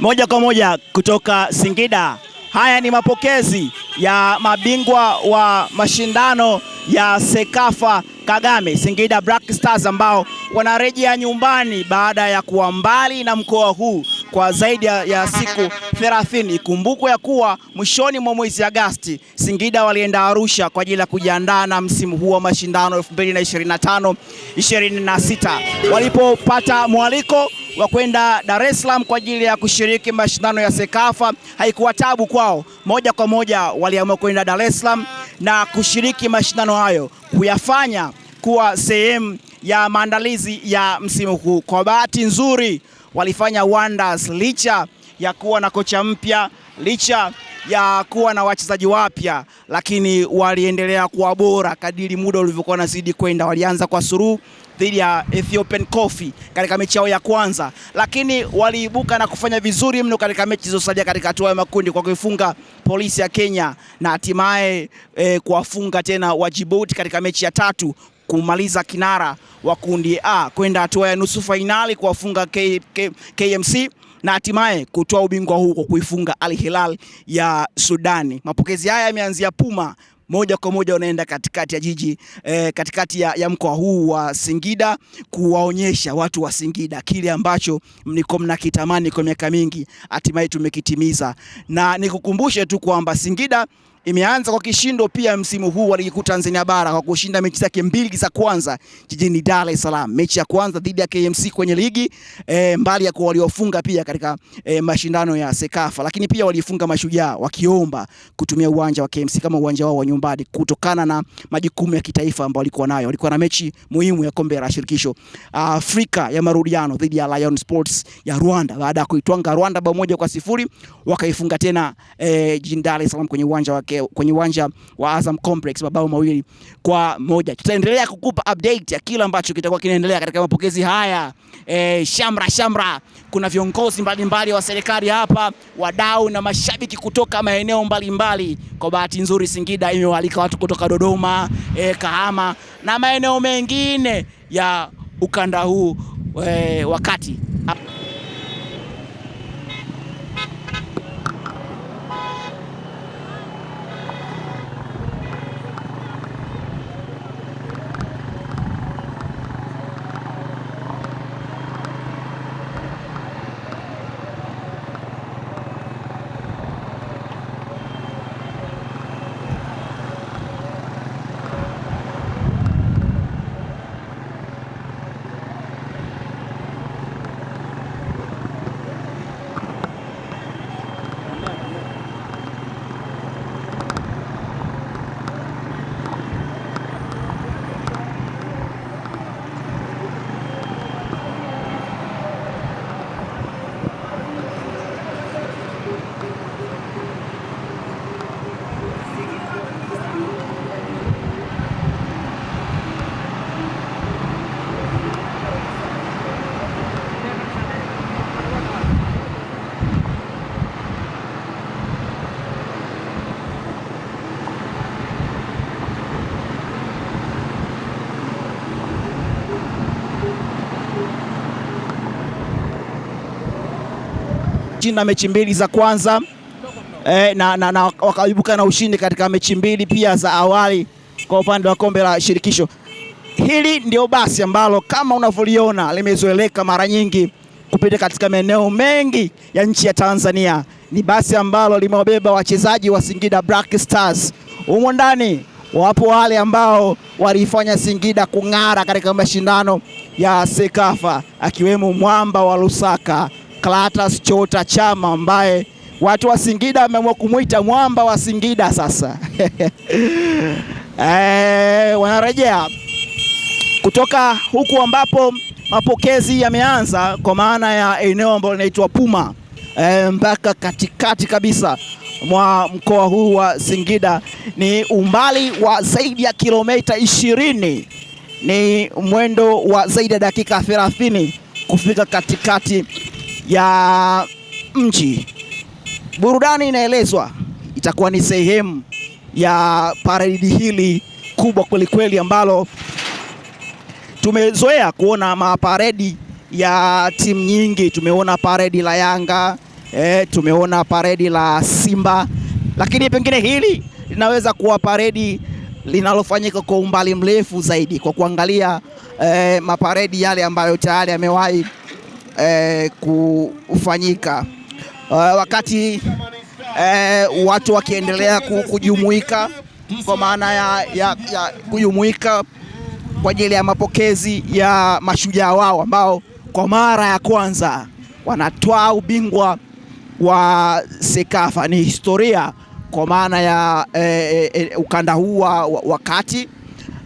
Moja kwa moja kutoka Singida. Haya ni mapokezi ya mabingwa wa mashindano ya Sekafa Kagame Singida Black Stars ambao wanarejea nyumbani baada ya kuwa mbali na mkoa huu kwa zaidi ya siku 30. Ikumbukwe ya kuwa mwishoni mwa mwezi Agasti Singida walienda Arusha kwa ajili ya kujiandaa na msimu huu wa mashindano 2025 26 walipopata mwaliko wa kwenda Dar es Salaam kwa ajili ya kushiriki mashindano ya Sekafa, haikuwa tabu kwao. Moja kwa moja waliamua kwenda Dar es Salaam na kushiriki mashindano hayo, kuyafanya kuwa sehemu ya maandalizi ya msimu huu. Kwa bahati nzuri walifanya wonders licha ya kuwa na kocha mpya, licha ya kuwa na wachezaji wapya, lakini waliendelea kuwa bora kadiri muda ulivyokuwa unazidi kwenda. Walianza kwa suruhu dhidi ya Ethiopian Coffee katika mechi yao ya kwanza, lakini waliibuka na kufanya vizuri mno katika mechi zilizosalia katika hatua ya makundi kwa kuifunga polisi ya Kenya na hatimaye e, kuwafunga tena wa Djibouti katika mechi ya tatu kumaliza kinara wa kundi A kwenda hatua ya nusu fainali kuwafunga K, K, KMC na hatimaye kutoa ubingwa huu kwa kuifunga Al Hilal ya Sudani. Mapokezi haya yameanzia Puma moja kwa moja unaenda katikati ya jiji eh, katikati ya, ya mkoa huu wa Singida kuwaonyesha watu wa Singida kile ambacho mlikuwa mnakitamani kwa miaka mingi, hatimaye tumekitimiza, na nikukumbushe tu kwamba Singida Imeanza kwa kishindo pia msimu huu wa ligi kuu Tanzania bara kwa kushinda mechi zake mbili za kwanza jijini Dar es Salaam. Mechi ya kwanza dhidi ya KMC kwenye ligi e, mbali ya kuwa waliofunga pia katika e, mashindano ya Sekafa, lakini pia walifunga Mashujaa wakiomba kutumia uwanja wa KMC kama uwanja wao wa nyumbani kutokana na majukumu ya kitaifa ambayo walikuwa nayo. Walikuwa na mechi muhimu ya kombe la shirikisho Afrika ya marudiano dhidi ya Lion Sports ya Rwanda. Baada ya kuitwanga Rwanda bao moja kwa sifuri wakaifunga tena e, jijini Dar es Salaam kwenye uwanja wa yake kwenye uwanja wa Azam Complex mabao mawili kwa moja. Tutaendelea kukupa update ya kila ambacho kitakuwa kinaendelea katika mapokezi haya e, shamra shamra. Kuna viongozi mbalimbali wa serikali hapa, wadau na mashabiki kutoka maeneo mbalimbali. Kwa bahati nzuri, Singida imewalika watu kutoka Dodoma, e, Kahama na maeneo mengine ya ukanda huu e, wakati na mechi mbili za kwanza e, na, na, na wakaibuka na ushindi katika mechi mbili pia za awali kwa upande wa kombe la shirikisho. Hili ndio basi ambalo kama unavyoliona limezoeleka mara nyingi kupita katika maeneo mengi ya nchi ya Tanzania. Ni basi ambalo limewabeba wachezaji wa Singida Black Stars. Humo ndani wapo wale ambao walifanya Singida kung'ara katika mashindano ya Sekafa akiwemo Mwamba wa Lusaka Clatous Chota Chama ambaye watu wa Singida wameamua kumwita mwamba wa Singida sasa. E, wanarejea kutoka huku ambapo mapokezi yameanza kwa maana ya eneo ambalo linaitwa Puma e, mpaka katikati kabisa mwa mkoa huu wa Singida ni umbali wa zaidi ya kilomita ishirini, ni mwendo wa zaidi ya dakika 30 kufika katikati ya mji. Burudani inaelezwa itakuwa ni sehemu ya paredi hili kubwa kwelikweli, ambalo tumezoea kuona maparedi ya timu nyingi. Tumeona paredi la Yanga eh, tumeona paredi la Simba, lakini pengine hili linaweza kuwa paredi linalofanyika kwa umbali mrefu zaidi kwa kuangalia eh, maparedi yale ambayo tayari amewahi eh, kufanyika eh, wakati eh, watu wakiendelea kujumuika kwa maana ya, ya, ya kujumuika kwa ajili ya mapokezi ya mashujaa wao ambao kwa mara ya kwanza wanatoa ubingwa wa Sekafa. Ni historia kwa maana ya e, e, ukanda huu wa, wakati,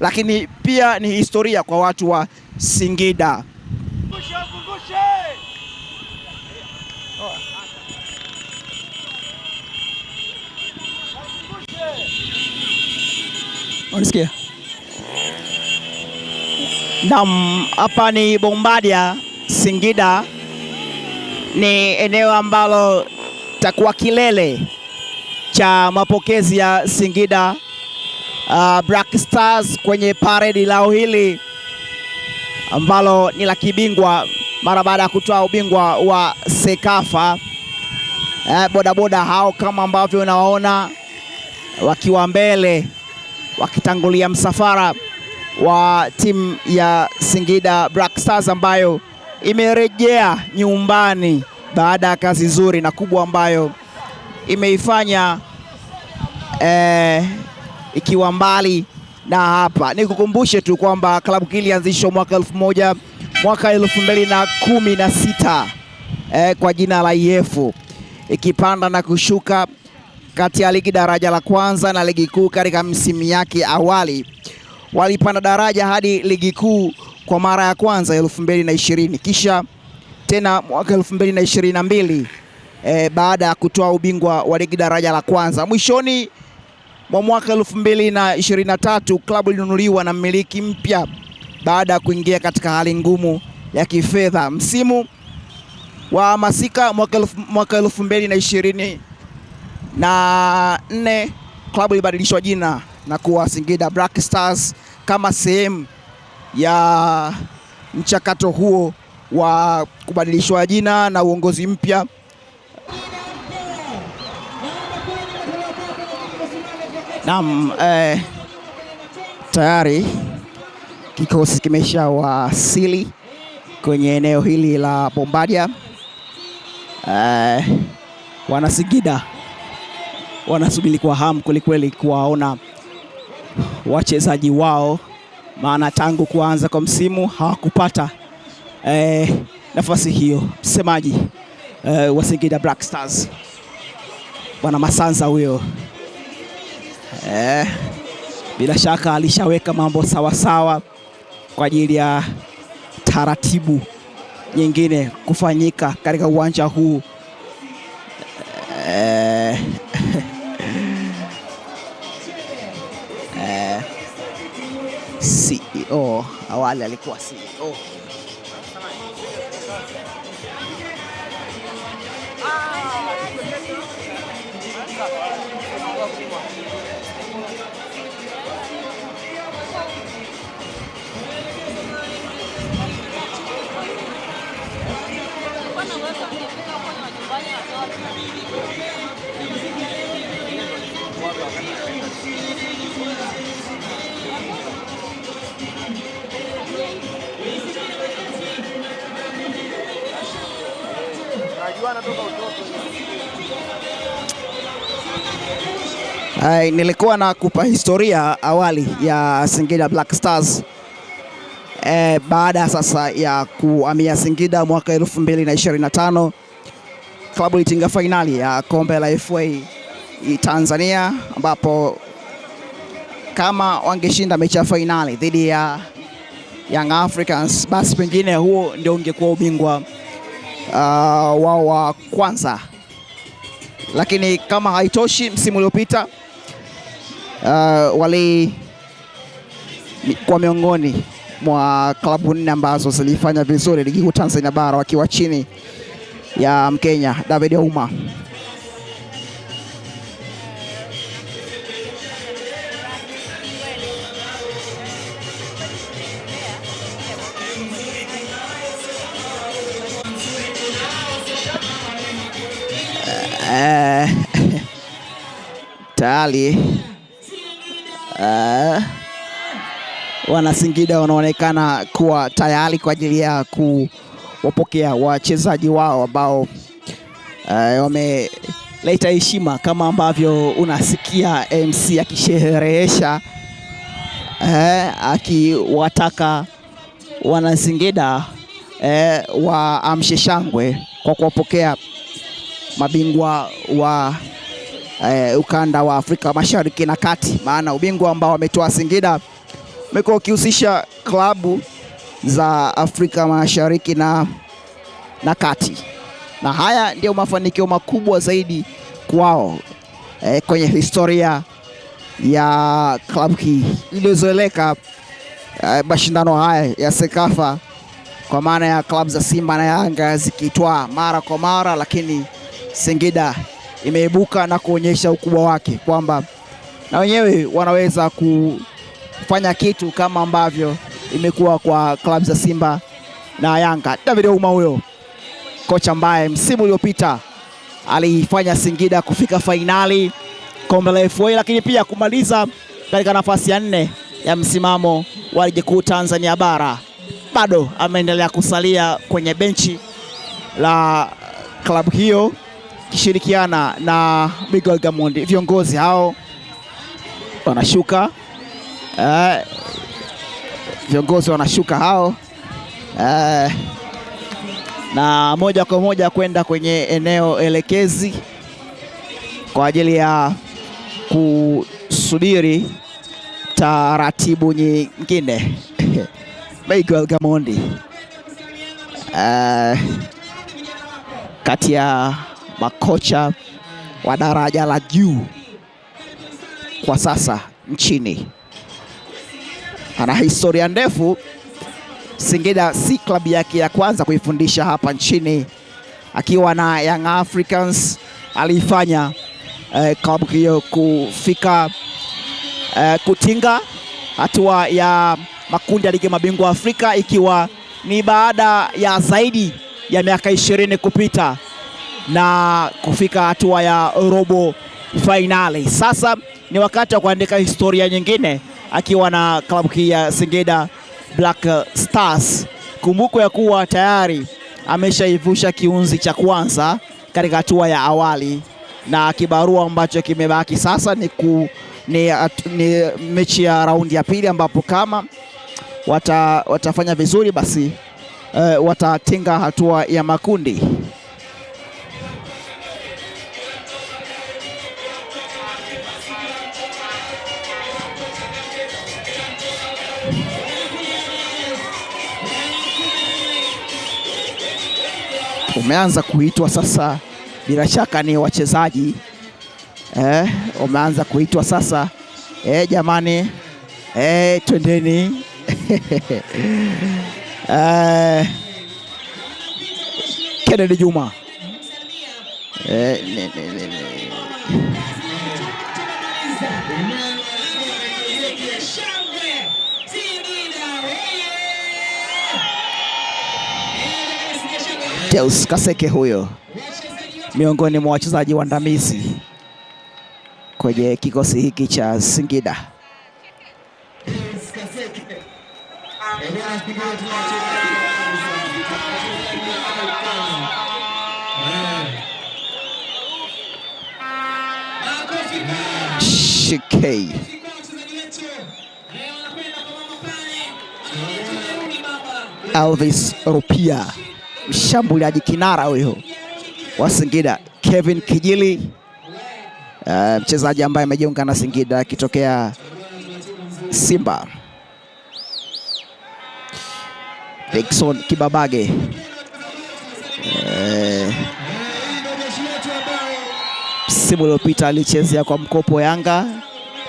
lakini pia ni historia kwa watu wa Singida. Unasikia? Naam, hapa ni Bombadia Singida, ni eneo ambalo takuwa kilele cha mapokezi ya Singida uh, Black Stars kwenye paredi lao hili ambalo ni la kibingwa mara baada ya kutoa ubingwa wa Sekafa. Eh, bodaboda eh, boda hao kama ambavyo unawaona wakiwa mbele wakitangulia msafara wa timu ya Singida Black Stars ambayo imerejea nyumbani baada ya kazi nzuri na kubwa ambayo imeifanya eh, ikiwa mbali na hapa. Nikukumbushe tu kwamba klabu hii ilianzishwa mwaka elfu moja mwaka elfu mbili na kumi na sita eh, kwa jina la IEF ikipanda na kushuka kati ya ligi daraja la kwanza na ligi kuu katika msimu yake awali. Walipanda daraja hadi ligi kuu kwa mara ya kwanza 2020 kisha tena mwaka 2022 eh, baada ya kutoa ubingwa wa ligi daraja la kwanza. Mwishoni mwa mwaka 2023 klabu ilinunuliwa na mmiliki mpya baada ya kuingia katika hali ngumu ya kifedha. Msimu wa masika mwaka 2020 na nne, klabu ilibadilishwa jina na kuwa Singida Black Stars kama sehemu ya mchakato huo wa kubadilishwa jina na uongozi mpya. Naam, eh, tayari kikosi kimeshawasili kwenye eneo hili la Bombadia. Eh, wana Singida wanasubiri kwa hamu kwelikweli kuwaona wachezaji wao, maana tangu kuanza kwa msimu hawakupata eh, nafasi hiyo. Msemaji eh, wa Singida Black Stars bwana Masanza huyo eh, bila shaka alishaweka mambo sawasawa sawa kwa ajili ya taratibu nyingine kufanyika katika uwanja huu Oh, awala likwas. Oh. Hai, nilikuwa na kupa historia awali ya Singida Black Stars e, baada sasa ya kuhamia Singida mwaka 2025 klabu ilitinga fainali ya kombe la FA Tanzania ambapo kama wangeshinda mechi ya fainali dhidi ya Young Africans basi pengine huo ndio ungekuwa ubingwa Ah, wao wa kwanza, lakini kama haitoshi, msimu uliopita uh, wali kwa miongoni mwa klabu nne ambazo zilifanya vizuri ligi kuu Tanzania bara wakiwa chini ya Mkenya David auma Eh, tayari uh, eh, Wanasingida wanaonekana kuwa tayari kwa ajili ya kuwapokea wachezaji wao ambao uh, wameleta heshima kama ambavyo unasikia MC akisherehesha uh, akiwataka Wanasingida uh, waamshe shangwe kwa kuwapokea mabingwa wa eh, ukanda wa Afrika Mashariki na Kati, maana ubingwa ambao wametoa Singida umekuwa ukihusisha klabu za Afrika Mashariki na, na Kati, na haya ndiyo mafanikio makubwa zaidi kwao eh, kwenye historia ya klabu hii iliyozoeleka eh, mashindano haya ya Sekafa kwa maana ya klabu za Simba na Yanga zikitwaa mara kwa mara, lakini Singida imeibuka na kuonyesha ukubwa wake kwamba na wenyewe wanaweza kufanya kitu kama ambavyo imekuwa kwa klabu za Simba na Yanga. David Ouma huyo kocha ambaye msimu uliopita aliifanya Singida kufika fainali kombe la FA, lakini pia kumaliza katika nafasi ya nne ya msimamo wa ligi kuu Tanzania bara, bado ameendelea kusalia kwenye benchi la klabu hiyo wakishirikiana na Miguel Gamondi. Viongozi hao wanashuka eh, viongozi wanashuka hao eh, na moja kwa moja kwenda kwenye eneo elekezi kwa ajili ya kusubiri taratibu nyingine. Miguel Gamondi eh, kati ya makocha wa daraja la juu kwa sasa nchini. Ana historia ndefu Singida, si klabu yake ya kwanza kuifundisha hapa nchini, akiwa na Young Africans aliifanya eh, klabu hiyo kufika eh, kutinga hatua ya makundi ya ligi mabingwa Afrika, ikiwa ni baada ya zaidi ya miaka ishirini kupita na kufika hatua ya robo fainali. Sasa ni wakati wa kuandika historia nyingine akiwa na klabu hii ya Singida Black Stars. Kumbuko ya kuwa tayari ameshaivusha kiunzi cha kwanza katika hatua ya awali na kibarua ambacho kimebaki sasa ni, ku, ni, ni mechi ya raundi ya pili ambapo kama wata, watafanya vizuri basi uh, watatinga hatua ya makundi. umeanza kuitwa sasa, bila shaka ni wachezaji eh, umeanza kuitwa sasa eh, jamani eh, twendeni eh, Kennedy Juma eh, ne, ne, ne, ne. Deus Kaseke huyo miongoni mwa wachezaji waandamizi kwenye kikosi hiki cha Singida. Shikei Alvis Rupia mshambuliaji kinara huyo wa Singida Kevin Kijili, uh, mchezaji ambaye amejiunga na Singida akitokea Simba. Dickson Kibabage uh, msimu uliopita alichezea kwa mkopo Yanga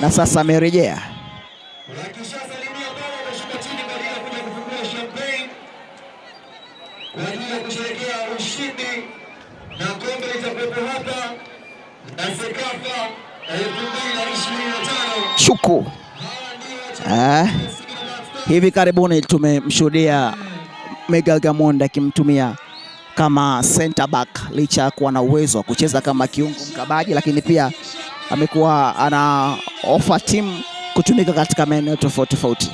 na sasa amerejea. na kombe litakuwepo hapa na Sekafa elfu mbili na ishirini na tano shuku ah. Hivi karibuni tumemshuhudia mm. Miguel Gamonda akimtumia kama center back licha ya kuwa na uwezo wa kucheza kama kiungo mkabaji, lakini pia amekuwa ana offer team kutumika katika maeneo tofauti tofauti.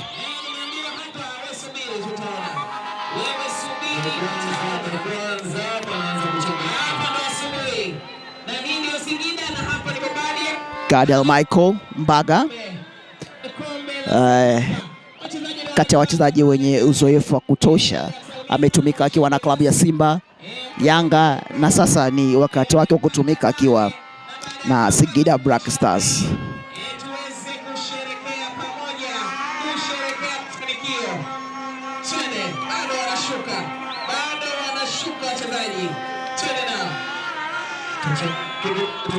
Gadiel Michael Mbaga uh, kati ya wachezaji wenye uzoefu wa kutosha ametumika akiwa na klabu ya Simba, Yanga na sasa ni wakati wake wa kutumika akiwa na Singida Black Stars.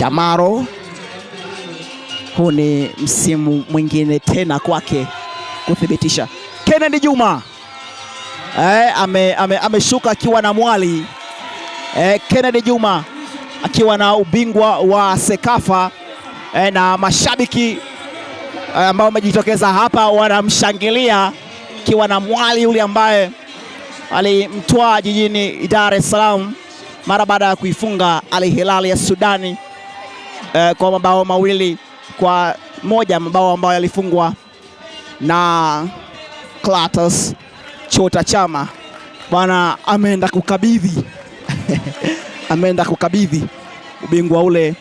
Damaro, huu ni msimu mwingine tena kwake kuthibitisha. Kennedy Juma eh, ameshuka ame, akiwa na mwali eh, Kennedy Juma akiwa na ubingwa wa Sekafa eh, na mashabiki eh, ambao wamejitokeza hapa wanamshangilia akiwa na mwali yule ambaye alimtwaa jijini Dar es Salaam mara baada ya kuifunga Al Hilal ya Sudani eh, kwa mabao mawili kwa moja, mabao ambayo yalifungwa na Clatous Chota Chama bwana, ameenda kukabidhi ameenda kukabidhi ubingwa ule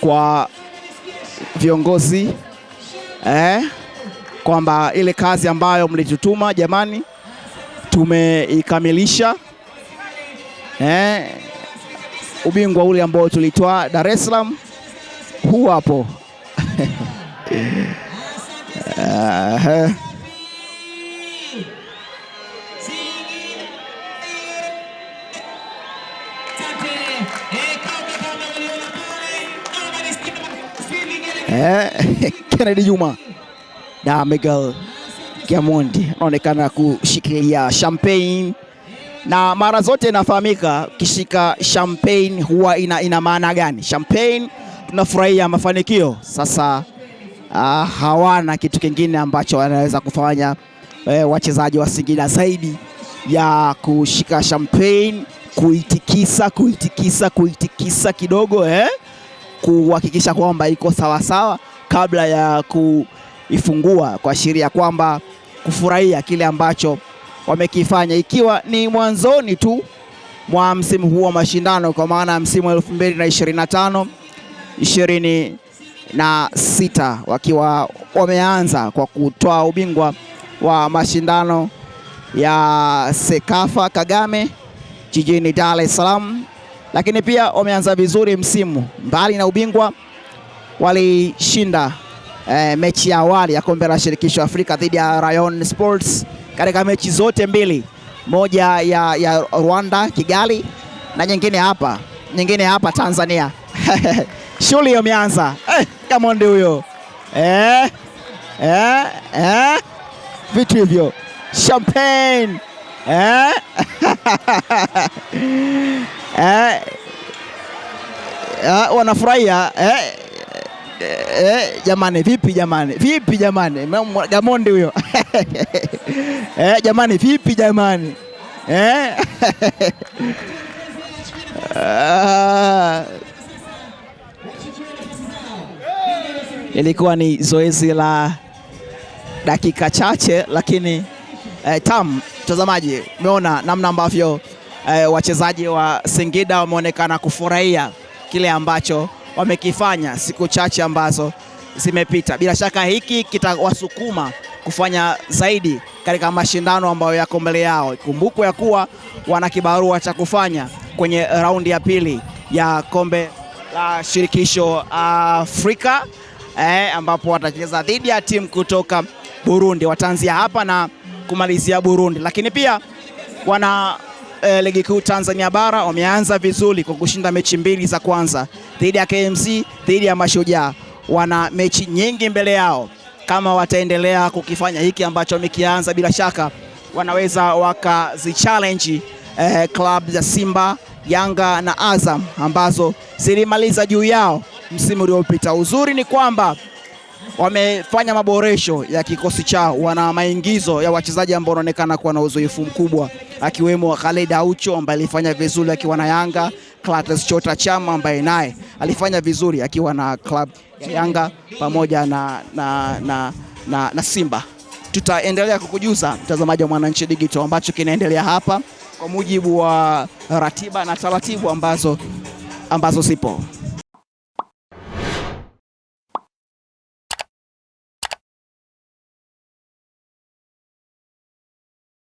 kwa viongozi eh, kwamba ile kazi ambayo mlitutuma jamani tumeikamilisha eh ubingwa ule ambao tulitoa Dar es Salaam, huu hapo uh, Kennedy Juma na Miguel Gamondi anaonekana kushikilia champagne na mara zote inafahamika kishika champagne huwa ina, ina maana gani? Champagne tunafurahia mafanikio. Sasa ah, hawana kitu kingine ambacho wanaweza kufanya eh, wachezaji wa Singida zaidi ya kushika champagne, kuitikisa kuitikisa kuitikisa kidogo eh, kuhakikisha kwamba iko sawa sawa kabla ya kuifungua, kuashiria kwamba kufurahia kile ambacho wamekifanya, ikiwa ni mwanzoni tu mwa msimu huu wa mashindano, kwa maana msimu na 26 wakiwa wameanza kwa kutoa ubingwa wa mashindano ya Sekafa Kagame jijini Dar es Salaam, lakini pia wameanza vizuri msimu. Mbali na ubingwa, walishinda eh, mechi ya awali ya kombe la shirikisho Afrika dhidi ya Rayon Sports katika mechi zote mbili, moja ya, ya Rwanda Kigali na nyingine hapa nyingine hapa Tanzania. Shule hiyo imeanza eh, Gamondi huyo eh, eh, eh, vitu hivyo champagne eh? eh, ah, eh, wanafurahia eh, eh, jamani, vipi jamani, vipi jamani, Gamondi huyo Eh, jamani vipi jamani eh? Ah, ilikuwa ni zoezi la dakika chache lakini eh, tam mtazamaji, umeona namna ambavyo eh, wachezaji wa Singida wameonekana kufurahia kile ambacho wamekifanya siku chache ambazo zimepita. Bila shaka hiki kitawasukuma kufanya zaidi katika mashindano ambayo yako mbele yao. Kumbukwe ya kuwa wana kibarua cha kufanya kwenye raundi ya pili ya kombe la shirikisho Afrika eh, ambapo watacheza dhidi ya timu kutoka Burundi. Wataanzia hapa na kumalizia Burundi, lakini pia wana eh, ligi kuu Tanzania bara wameanza vizuri kwa kushinda mechi mbili za kwanza dhidi ya KMC, dhidi ya Mashujaa. Wana mechi nyingi mbele yao kama wataendelea kukifanya hiki ambacho wamekianza, bila shaka wanaweza wakazichallenge eh, club za Simba, Yanga na Azam ambazo zilimaliza juu yao msimu uliopita. Uzuri ni kwamba wamefanya maboresho ya kikosi chao, wana maingizo ya wachezaji ambao wanaonekana kuwa na uzoefu mkubwa, akiwemo Khaled Aucho ambaye alifanya vizuri akiwa na Yanga, Clatous Chota Chama ambaye naye alifanya vizuri akiwa na club ya Yanga pamoja na, na, na, na, na Simba. Tutaendelea kukujuza mtazamaji wa Mwananchi Digital ambacho kinaendelea hapa kwa mujibu wa ratiba na taratibu ambazo, ambazo zipo.